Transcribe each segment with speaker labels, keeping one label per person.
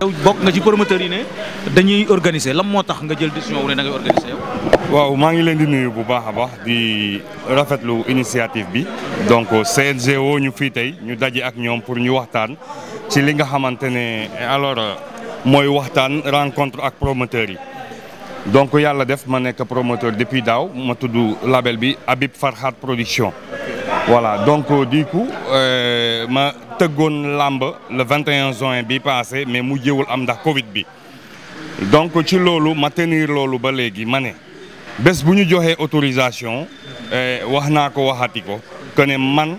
Speaker 1: yow bokk nga ci promoteur yi ne dañuy organiser lan moo tax nga jël décision wu ne da ngay waaw maa ngi leen di nuyu bu baax a baax di rafetlu initiative bi donc CNG woo ñu fii tey ñu daje ak ñoom pour ñu waxtaan ci li nga xamante ne alors mooy waxtaan rencontre ak promoteurs yi. donc yàlla def ma nekk promoteur depuis daaw ma tudd label bi Habib Farhat Production voilà donc du euh, ma. tëggoon làmb le 21 juin bi passé mais mu jéewul am ndax Covid bi donc ci loolu ma tenir loolu ba léegi ma ne bés bu ñu joxee autorisation eh, wax naa ko waxati ko que ne man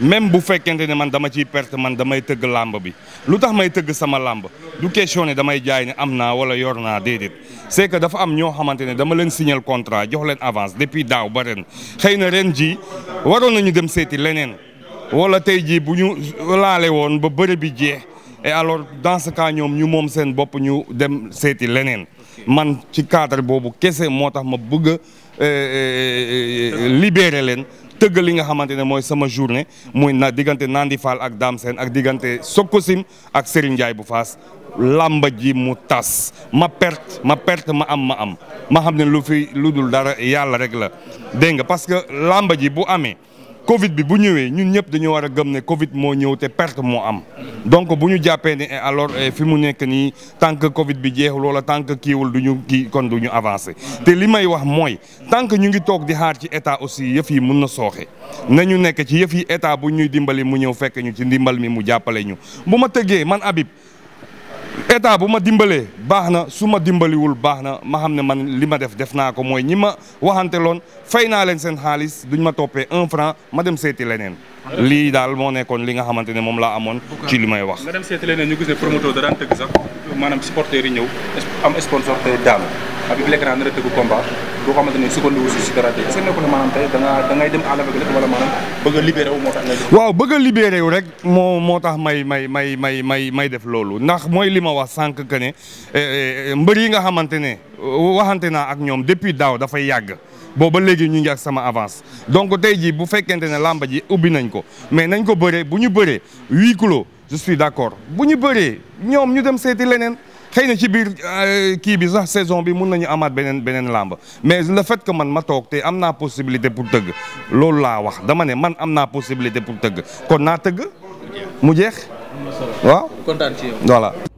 Speaker 1: même bu fekkente ne man dama ciy perte man damay tëgg làmb bi lu tax may tëgg sama làmb du question ne damay jaay ne am naa wala yor naa déedéet c'est que dafa am ñoo xamante ne dama leen signal contrat jox leen avance depuis daaw ba ren xëy na ren ji waroon nañu dem seeti leneen. wala tey jii bu ñu laale woon ba bëre bi jeex et alors dans ce ñoom ñu moom seen bopp ñu dem seeti leneen man ci cadre boobu kese moo tax ma bëgg a euh, euh, euh, libérer leen tëgg li nga xamante ne mooy sama journée muy na diggante Nandi Fall ak Dame Sène ak diggante Sokocim ak Serigne bu Faas làmba ji mu tas ma perte ma perte ma am ma am ma xam ne lu fi lu dul dara yàlla rek la dégg nga làmba ji bu amee Covid bi bu ñëwee ñun ñëpp dañu war a gëm ne Covid moo ñëw te perte moo am donc bu ñu jàppee ne alors eh, fi mu nekk nii tant que Covid bi jeexul loola tant kiiwul du ñu kii kon du ñu avancé te li may wax mooy tant que ñu ngi toog di xaar ci état aussi yëf yi mun na sooxe ñu nekk ci yëf yi état bu ñuy dimbali mu ñëw fekk ñu ci ndimbal mi mu jàppale ñu bu ma tëggee man Habib état bu ma dimbalee baax na su ma dimbaliwul baax na ma xam ne man li ma def def naa ko mooy ñi ma waxante loon fay naa leen seen xaalis ñu ma toppee un franc ma dem seeti leneen. lii daal moo nekkoon li nga xamante ne moom laa amoon. ci li may wax. nga dem leneen ñu gis ne promoteur da daan tëgg sax maanaam yi ñëw am sponsor te daanu Habib Lekran dana boo xamante ni sukkandiku si dara tey est-ce que nekkul ne maanaam tey da nga da ngay dem bëgg a libéré waaw bëgg a libéré rek moo moo tax may may may may may may def loolu ndax mooy li ma wax sànq que ne eh, eh, mbër yi nga xamante ne waxante naa ak ñoom depuis daaw dafay yàgg. booba léegi ñu ngi ak sama avance donc tey jii bu fekkente ne làmba ji ubbi nañ ko mais nañ ko bëree bu ñu bëree huis clos je suis d'accord bu ñu bëree ñoom ñu dem seeti leneen xëy na ci biir euh, kii bi sax saison bi mun nañu amaat beneen beneen làmb mais le fait que man ma toog te am naa possibilité pour tëgg loolu laa wax dama ne man am naa possibilité pour tëgg kon naa tëgg mu jeex waaw kontaan voilà